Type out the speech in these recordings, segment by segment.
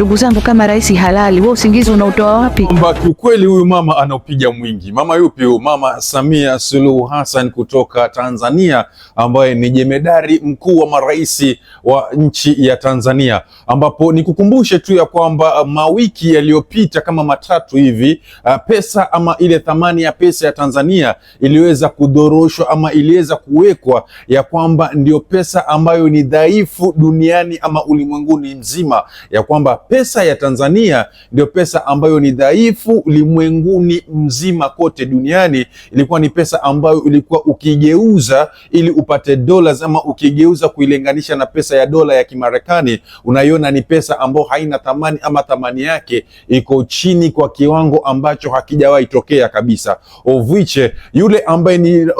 Ndugu zangu, kama rais halali, wewe usingizi unautoa wapi? Kwamba kiukweli huyu mama anaupiga mwingi. Mama yupi huyu? Mama Samia Suluhu Hassan kutoka Tanzania, ambaye ni jemedari mkuu wa marais wa nchi ya Tanzania, ambapo nikukumbushe tu ya kwamba uh, mawiki yaliyopita kama matatu hivi, uh, pesa ama ile thamani ya pesa ya Tanzania iliweza kudoroshwa ama iliweza kuwekwa ya kwamba ndio pesa ambayo ni dhaifu duniani ama ulimwenguni mzima ya kwamba pesa ya Tanzania ndio pesa ambayo ni dhaifu ulimwenguni mzima kote duniani. Ilikuwa ni pesa ambayo ilikuwa ukigeuza ili upate dola, ama ukigeuza kuilinganisha na pesa ya dola ya Kimarekani, unaiona ni pesa ambayo haina thamani ama thamani yake iko chini kwa kiwango ambacho hakijawahi tokea kabisa. Oviche yule ambaye ni, uh,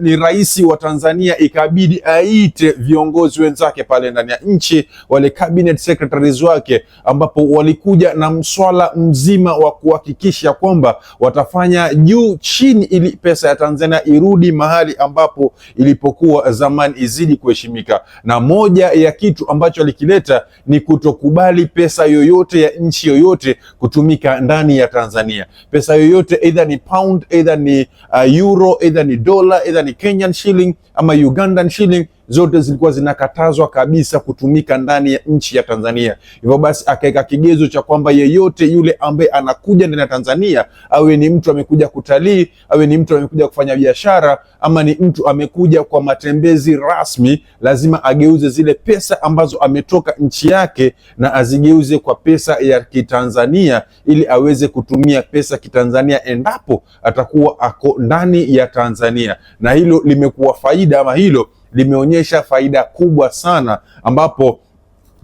ni rais wa Tanzania ikabidi aite viongozi wenzake pale ndani ya nchi, wale cabinet secretaries wake ambapo walikuja na mswala mzima wa kuhakikisha kwamba watafanya juu chini, ili pesa ya Tanzania irudi mahali ambapo ilipokuwa zamani, izidi kuheshimika. Na moja ya kitu ambacho alikileta ni kutokubali pesa yoyote ya nchi yoyote kutumika ndani ya Tanzania. Pesa yoyote aidha ni pound, aidha ni uh, euro, aidha ni dola, aidha ni Kenyan shilling ama Ugandan shilling zote zilikuwa zinakatazwa kabisa kutumika ndani ya nchi ya Tanzania. Hivyo basi akaweka kigezo cha kwamba yeyote yule ambaye anakuja ndani ya Tanzania, awe ni mtu amekuja kutalii, awe ni mtu amekuja kufanya biashara, ama ni mtu amekuja kwa matembezi rasmi, lazima ageuze zile pesa ambazo ametoka nchi yake na azigeuze kwa pesa ya Kitanzania ili aweze kutumia pesa Kitanzania endapo atakuwa ako ndani ya Tanzania, na hilo limekuwa faida ama hilo limeonyesha faida kubwa sana, ambapo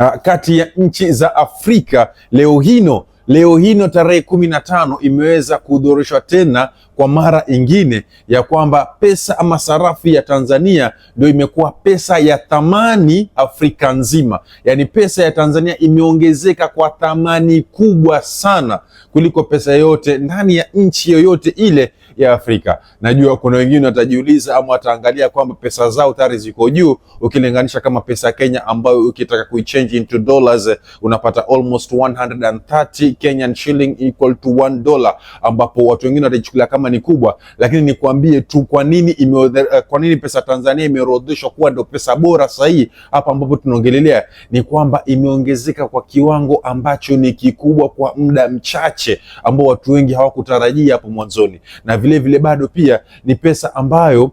uh, kati ya nchi za Afrika leo hino leo hino tarehe kumi na tano imeweza kuhudhurishwa tena kwa mara ingine ya kwamba pesa ama sarafu ya Tanzania ndio imekuwa pesa ya thamani Afrika nzima. Yaani pesa ya Tanzania imeongezeka kwa thamani kubwa sana kuliko pesa yoyote ndani ya nchi yoyote ile ya Afrika. Najua kuna wengine watajiuliza ama wataangalia kwamba pesa zao tayari ziko juu ukilinganisha kama pesa ya Kenya ambayo ukitaka kuichange into dollars unapata almost 130 Kenyan shilling equal to 1 dollar, ambapo watu wengine wataichukulia kama ni kubwa, lakini nikwambie tu kwa nini ime, eh, kwa nini pesa Tanzania imeorodheshwa kuwa ndio pesa bora sahihi hapa ambapo tunaongelelea ni kwamba imeongezeka kwa kiwango ambacho ni kikubwa kwa muda mchache ambao watu wengi hawakutarajia hapo mwanzoni na vilevile bado pia ni pesa ambayo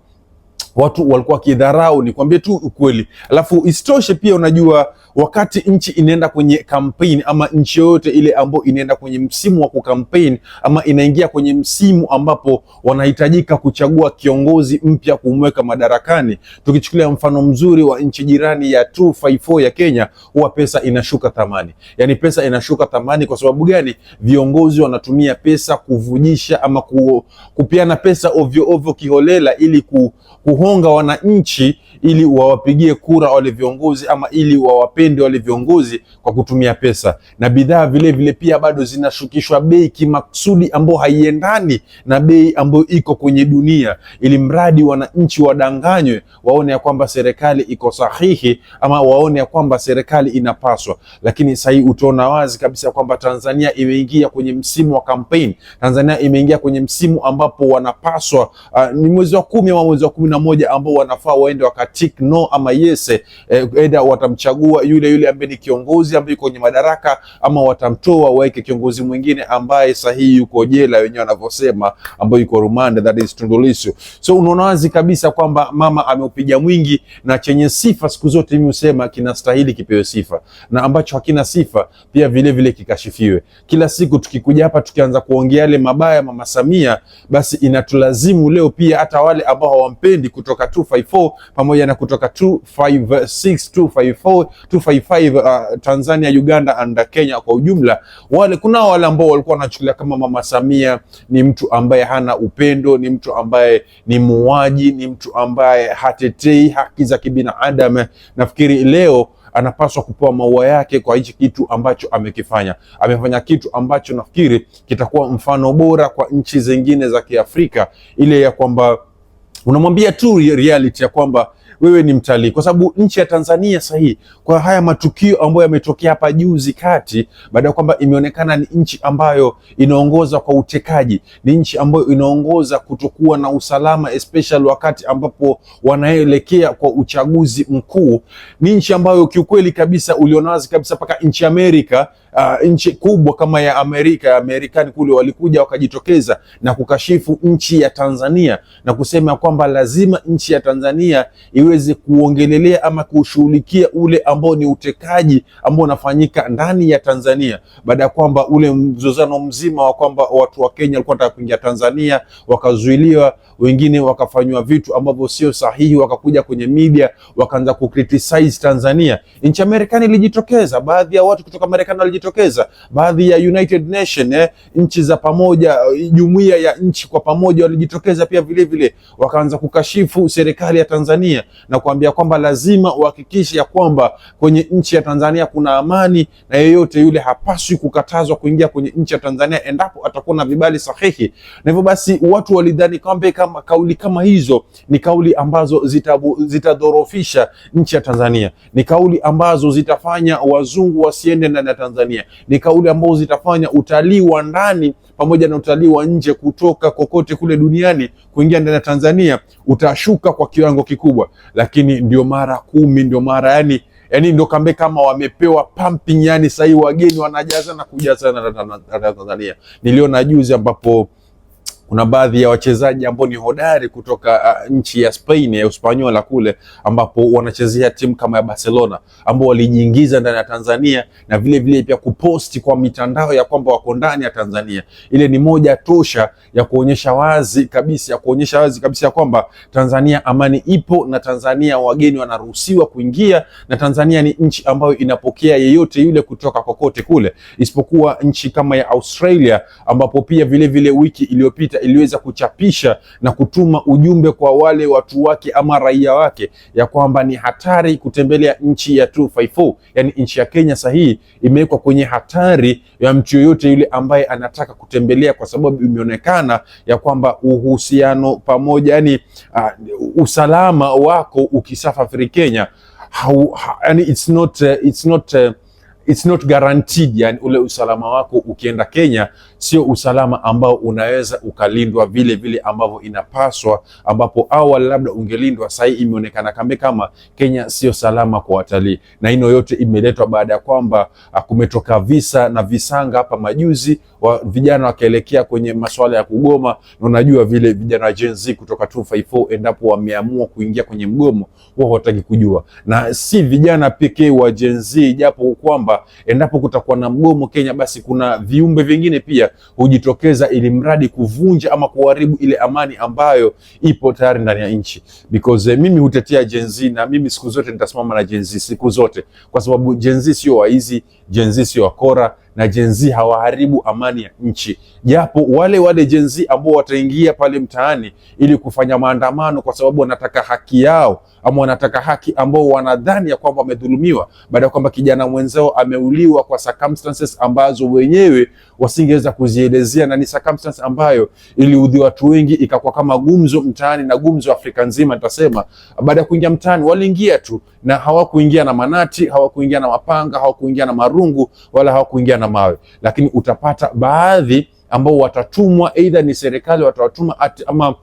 watu walikuwa wakidharau, ni kwambie tu ukweli. Alafu isitoshe pia, unajua wakati nchi inaenda kwenye kampeni ama nchi yoyote ile ambayo inaenda kwenye msimu wa kukampeni ama inaingia kwenye msimu ambapo wanahitajika kuchagua kiongozi mpya kumweka madarakani, tukichukulia mfano mzuri wa nchi jirani ya 254 ya Kenya, huwa pesa inashuka thamani. Yani pesa inashuka thamani kwa sababu gani? Viongozi wanatumia pesa kuvujisha ama ku, pesa ovyo ovyo kiholela ili ku, ku kuwagonga wananchi ili wawapigie kura wale viongozi ama ili wawapende wale viongozi kwa kutumia pesa. Na bidhaa vile vile pia bado zinashukishwa bei kimakusudi, ambayo haiendani na bei ambayo iko kwenye dunia, ili mradi wananchi wadanganywe, waone ya kwamba serikali iko sahihi ama waone ya kwamba serikali inapaswa. Lakini sasa hii utaona wazi kabisa kwamba Tanzania imeingia kwenye msimu wa kampeni. Tanzania imeingia kwenye msimu ambapo wanapaswa uh, ni mwezi wa kumi ama mwezi wa kumi na moja ambao wanafaa waende wakati tik no ama yes, eh, eda watamchagua yule yule ambaye ni kiongozi ambaye yuko kwenye madaraka ama watamtoa waweke kiongozi mwingine ambaye sahihi yuko jela, wenyewe wanavyosema, ambaye yuko rumande, that is Tundu Lissu. So unaona wazi kabisa kwamba mama ameupiga mwingi, na chenye sifa siku zote mimi husema kinastahili kipewe sifa, na ambacho hakina sifa pia vile vile kikashifiwe. Kila siku tukikuja hapa tukianza kuongea yale mabaya mama Samia, basi inatulazimu leo pia hata wale ambao hawampendi kutoka 254 pamoja pamoja na kutoka 256, 254, 255 uh, Tanzania, Uganda and Kenya kwa ujumla. Wale kuna wale ambao walikuwa wanachukulia kama Mama Samia ni mtu ambaye hana upendo, ni mtu ambaye ni muuaji, ni mtu ambaye hatetei haki za kibinadamu. Nafikiri leo anapaswa kupewa maua yake kwa hichi kitu ambacho amekifanya. Amefanya kitu ambacho nafikiri kitakuwa mfano bora kwa nchi zingine za Kiafrika, ile ya kwamba unamwambia tu reality ya kwamba wewe ni mtalii, kwa sababu nchi ya Tanzania sasa hii kwa haya matukio ambayo yametokea hapa juzi kati, baada ya kwamba imeonekana ni nchi ambayo inaongoza kwa utekaji, ni nchi ambayo inaongoza kutokuwa na usalama, especially wakati ambapo wanaelekea kwa uchaguzi mkuu, ni nchi ambayo kiukweli kabisa ulionawazi kabisa mpaka nchi Amerika uh, nchi kubwa kama ya Amerika ya Marekani kule walikuja wakajitokeza na kukashifu nchi ya Tanzania na kusema kwamba lazima nchi ya Tanzania iweze kuongelelea ama kushughulikia ule ambao ni utekaji ambao unafanyika ndani ya Tanzania, baada ya kwamba ule mzozano mzima wa kwamba watu wa Kenya walikuwa wanataka kuingia Tanzania wakazuiliwa, wengine wakafanywa vitu ambavyo sio sahihi, wakakuja kwenye media wakaanza ku Tanzania. Nchi ya Marekani ilijitokeza, baadhi ya watu kutoka Marekani yanajitokeza, baadhi ya United Nation eh, nchi za pamoja, eh, jumuiya ya nchi kwa pamoja walijitokeza pia vilevile, wakaanza kukashifu serikali ya Tanzania na kuambia kwamba lazima uhakikishe ya kwamba kwenye nchi ya Tanzania kuna amani na yeyote yule hapaswi kukatazwa kuingia kwenye nchi ya Tanzania endapo atakuwa na vibali sahihi. Na hivyo basi watu walidhani kwamba kama kauli kama hizo ni kauli ambazo zitadhorofisha zita nchi ya Tanzania, ni kauli ambazo zitafanya wazungu wasiende ndani ya Tanzania. Tanzania. Ni kauli ambazo zitafanya utalii wa ndani pamoja na utalii wa nje kutoka kokote kule duniani kuingia ndani ya Tanzania utashuka kwa kiwango kikubwa, lakini ndio mara kumi, ndio mara yani yani ndo kambe kama wamepewa pumping yani, sahii wageni wanajaza kujaza na Tanzania. Niliona juzi ambapo kuna baadhi ya wachezaji ambao ni hodari kutoka uh, nchi ya Spain ya Uspanyola kule ambapo wanachezea timu kama ya Barcelona ambao walijiingiza ndani ya Tanzania na vile vile pia kuposti kwa mitandao ya kwamba wako ndani ya Tanzania. Ile ni moja tosha ya kuonyesha wazi kabisa ya kuonyesha wazi kabisa ya kwamba Tanzania amani ipo na Tanzania wageni wanaruhusiwa kuingia na Tanzania ni nchi ambayo inapokea yeyote yule kutoka kokote kule, isipokuwa nchi kama ya Australia ambapo pia vile vile wiki iliyopita iliyopita iliweza kuchapisha na kutuma ujumbe kwa wale watu wake ama raia wake ya kwamba ni hatari kutembelea nchi ya 254, yani nchi ya Kenya sahihi imewekwa kwenye hatari ya mtu yoyote yule ambaye anataka kutembelea, kwa sababu imeonekana ya kwamba uhusiano pamoja, yani uh, usalama wako ukisafiri Kenya hau, ha, yani it's not, uh, it's not, uh, it's not guaranteed, yani ule usalama wako ukienda Kenya sio usalama ambao unaweza ukalindwa vile vile ambavyo inapaswa, ambapo awali labda ungelindwa. Sahii imeonekana kambe kama Kenya sio salama kwa watalii, na hino yote imeletwa baada ya kwamba ah, kumetoka visa na visanga hapa majuzi wa vijana wakaelekea kwenye masuala ya kugoma, na unajua vile vijana wa Gen Z kutoka 254 endapo wameamua kuingia kwenye mgomo huwa hawataki kujua, na si vijana pekee wa Gen Z, japo kwamba endapo kutakuwa na mgomo Kenya, basi kuna viumbe vingine pia hujitokeza ili mradi kuvunja ama kuharibu ile amani ambayo ipo tayari ndani ya nchi. Because eh, mimi hutetea Gen Z na mimi siku zote nitasimama na Gen Z siku zote, kwa sababu Gen Z sio waizi, Gen Z sio wakora na jenzi hawaharibu amani ya nchi, japo wale wale jenzi ambao wataingia pale mtaani ili kufanya maandamano kwa sababu wanataka haki yao ama wanataka haki ambao wanadhani ya kwamba wamedhulumiwa baada ya kwamba kijana mwenzao ameuliwa kwa circumstances ambazo wenyewe wasingeweza kuzielezea, na ni circumstance ambayo iliudhi watu wengi, ikakuwa kama gumzo mtaani na gumzo Afrika nzima. Nitasema baada ya kuingia mtaani, waliingia tu na hawakuingia na manati, hawakuingia na mapanga, hawakuingia na marungu, wala hawakuingia na mawe, lakini utapata baadhi ambao watatumwa, aidha ni serikali watawatuma ama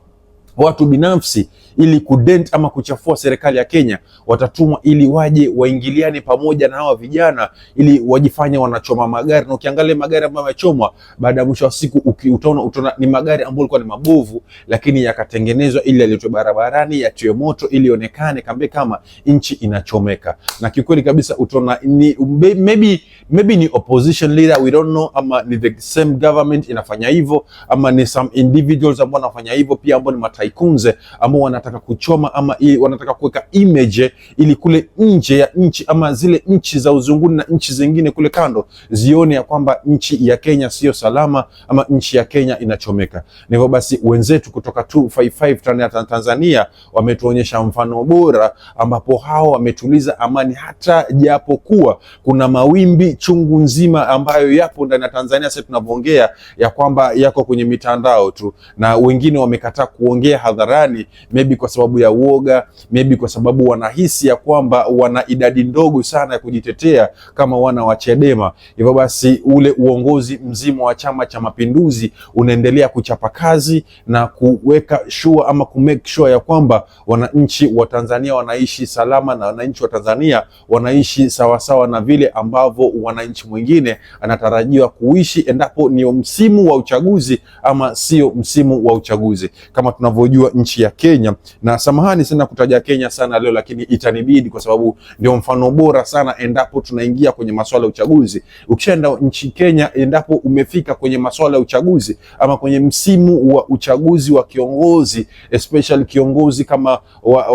watu binafsi ili kudent ama kuchafua serikali ya Kenya, watatumwa ili waje waingiliane pamoja na hawa vijana ili wajifanye wanachoma magari. Na ukiangalia magari ambayo yamechomwa, baada ya mwisho wa siku utaona utaona ni magari ambayo yalikuwa ni mabovu, lakini yakatengenezwa ili yaletwe barabarani, yatiwe moto ili ionekane kambe kama nchi inachomeka. Na kiukweli kabisa utaona ni maybe maybe ni opposition leader we don't know, ama ni the same government inafanya hivyo, ama ni some individuals ambao wanafanya hivyo pia, ambao ni mataikunze ambao wana wanataka kuchoma ama wanataka kuweka image ili kule nje ya nchi ama zile nchi za uzunguni na nchi zingine kule kando zione ya kwamba nchi ya Kenya sio salama ama nchi ya Kenya inachomeka. Na hivyo basi wenzetu kutoka 255 Tanzania wametuonyesha mfano bora, ambapo hao wametuliza amani, hata japo kuwa kuna mawimbi chungu nzima ambayo yapo ndani ya Tanzania sasa tunavyoongea, ya kwamba yako kwenye mitandao tu na wengine wamekataa kuongea hadharani maybe maybe kwa sababu ya uoga, maybe kwa sababu wanahisi ya kwamba wana idadi ndogo sana ya kujitetea kama wana wa Chadema. Hivyo basi ule uongozi mzima wa Chama cha Mapinduzi unaendelea kuchapa kazi na kuweka sure ama make sure ya kwamba wananchi wa Tanzania wanaishi salama na wananchi wa Tanzania wanaishi sawasawa na vile ambavyo wananchi mwingine anatarajiwa kuishi endapo ni msimu wa uchaguzi ama sio msimu wa uchaguzi. Kama tunavyojua nchi ya Kenya na samahani sana kutaja Kenya sana leo, lakini itanibidi kwa sababu ndio mfano bora sana. Endapo tunaingia kwenye masuala ya uchaguzi, ukishaenda nchi Kenya, endapo umefika kwenye masuala ya uchaguzi ama kwenye msimu wa uchaguzi wa kiongozi, especially kiongozi kama wa,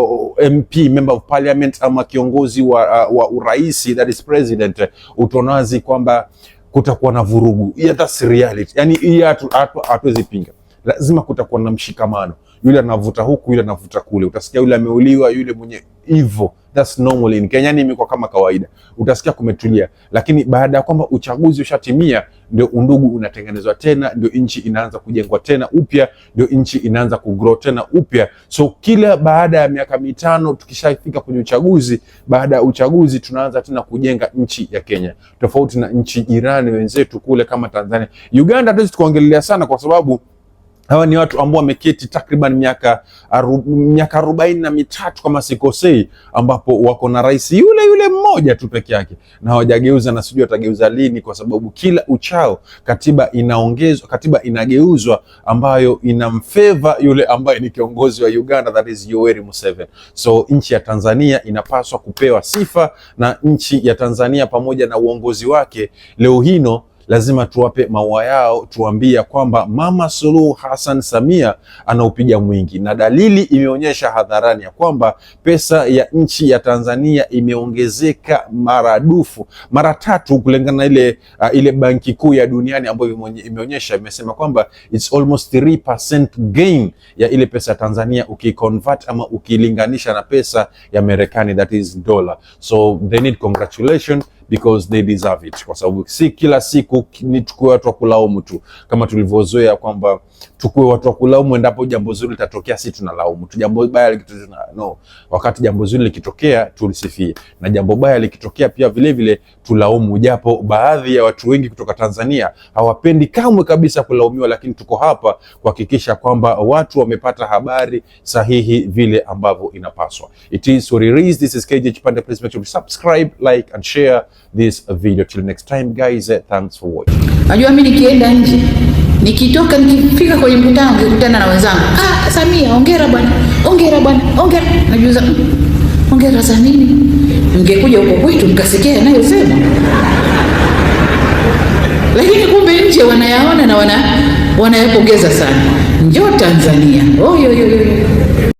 MP member of parliament ama kiongozi wa, wa uraisi, that is president, utonazi kwamba kutakuwa na vurugu. Yeah, that's reality. Yani hii hatuwezi pinga lazima kutakuwa na mshikamano. Yule anavuta huku, yule anavuta kule, utasikia yule ameuliwa, yule mwenye hivyo. That's normal in Kenya, ni imekuwa kama kawaida, utasikia kumetulia. Lakini baada ya kwamba uchaguzi ushatimia, ndio undugu unatengenezwa tena, ndio nchi inaanza kujengwa tena upya, ndio nchi inaanza kugrow tena upya. So kila baada ya miaka mitano tukishafika kwenye uchaguzi, baada ya uchaguzi tunaanza tena kujenga nchi ya Kenya, tofauti na nchi jirani wenzetu kule kama Tanzania, Uganda. Hatuwezi tukaongelelea sana kwa sababu Hawa ni watu ambao wameketi takriban miaka aru, miaka arobaini na mitatu kama sikosei, ambapo wako na rais yule yule mmoja tu peke yake na hawajageuza, na sijui watageuza lini, kwa sababu kila uchao katiba inaongezwa, katiba inageuzwa ambayo inamfeva yule ambaye ni kiongozi wa Uganda, that is Yoweri Museveni. So nchi ya Tanzania inapaswa kupewa sifa na nchi ya Tanzania pamoja na uongozi wake leo hino lazima tuwape maua yao, tuambia kwamba Mama Suluhu Hassan Samia anaupiga mwingi, na dalili imeonyesha hadharani ya kwamba pesa ya nchi ya Tanzania imeongezeka maradufu mara tatu kulingana na ile, uh, ile Banki Kuu ya Duniani ambayo imeonyesha imesema kwamba it's almost 3% gain ya ile pesa ya Tanzania ukiconvert ama ukilinganisha na pesa ya Marekani that is dollar so they need congratulations because they deserve it, kwa sababu si kila siku ni tukue watu wa kulaumu tu, kama tulivyozoea kwamba tukue watu wa kulaumu. Endapo jambo zuri litatokea, si tunalaumu tu, jambo baya likitokea no. Wakati jambo zuri likitokea, tulisifie, na jambo baya likitokea pia vilevile tulaumu, japo baadhi ya watu wengi kutoka Tanzania hawapendi kamwe kabisa kulaumiwa, lakini tuko hapa kuhakikisha kwamba watu wamepata habari sahihi vile ambavyo inapaswa. It is what it is. This is KGH Pande. Please make sure to subscribe, like and share this video. Till next time guys, eh, thanks for watching. Najua mimi nikienda nje nikitoka nikifika kwenye mkutano nikikutana na wenzangu, ah, Samia hongera bwana, hongera bwana, hongera. Najua hongera za nini? Mngekuja huko kwetu mkasikia anayosema lakini kumbe nje wanayaona na wana wanayapongeza sana. Njoo Tanzania oyoyoyo. oh,